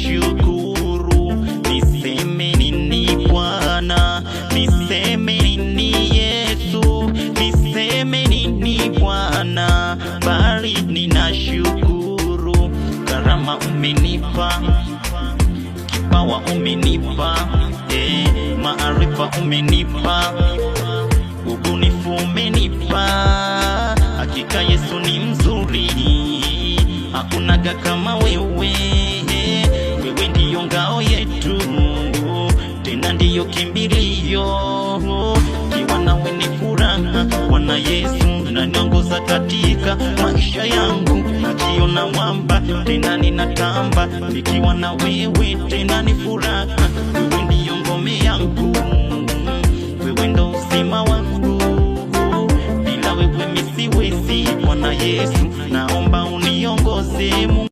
nashukuru, niseme nini Bwana, niseme nini Yesu, niseme nini Bwana, bali ninashukuru. Karama umenipa, kipawa umenipa, eh, maarifa umenipa, ubunifu umenipa, hakika Yesu ni mzuri, hakunaga kama wewe. ndio kimbilio, kiwa nawe ni furaha. Bwana Yesu naniongoza katika maisha yangu, najiona wamba tena ninatamba, nikiwa na wewe tena ni furaha. Wewe ndiyo ngome yangu, wewe ndo uzima wangu, bila wewe misiwezi. Bwana Yesu naomba uniongoze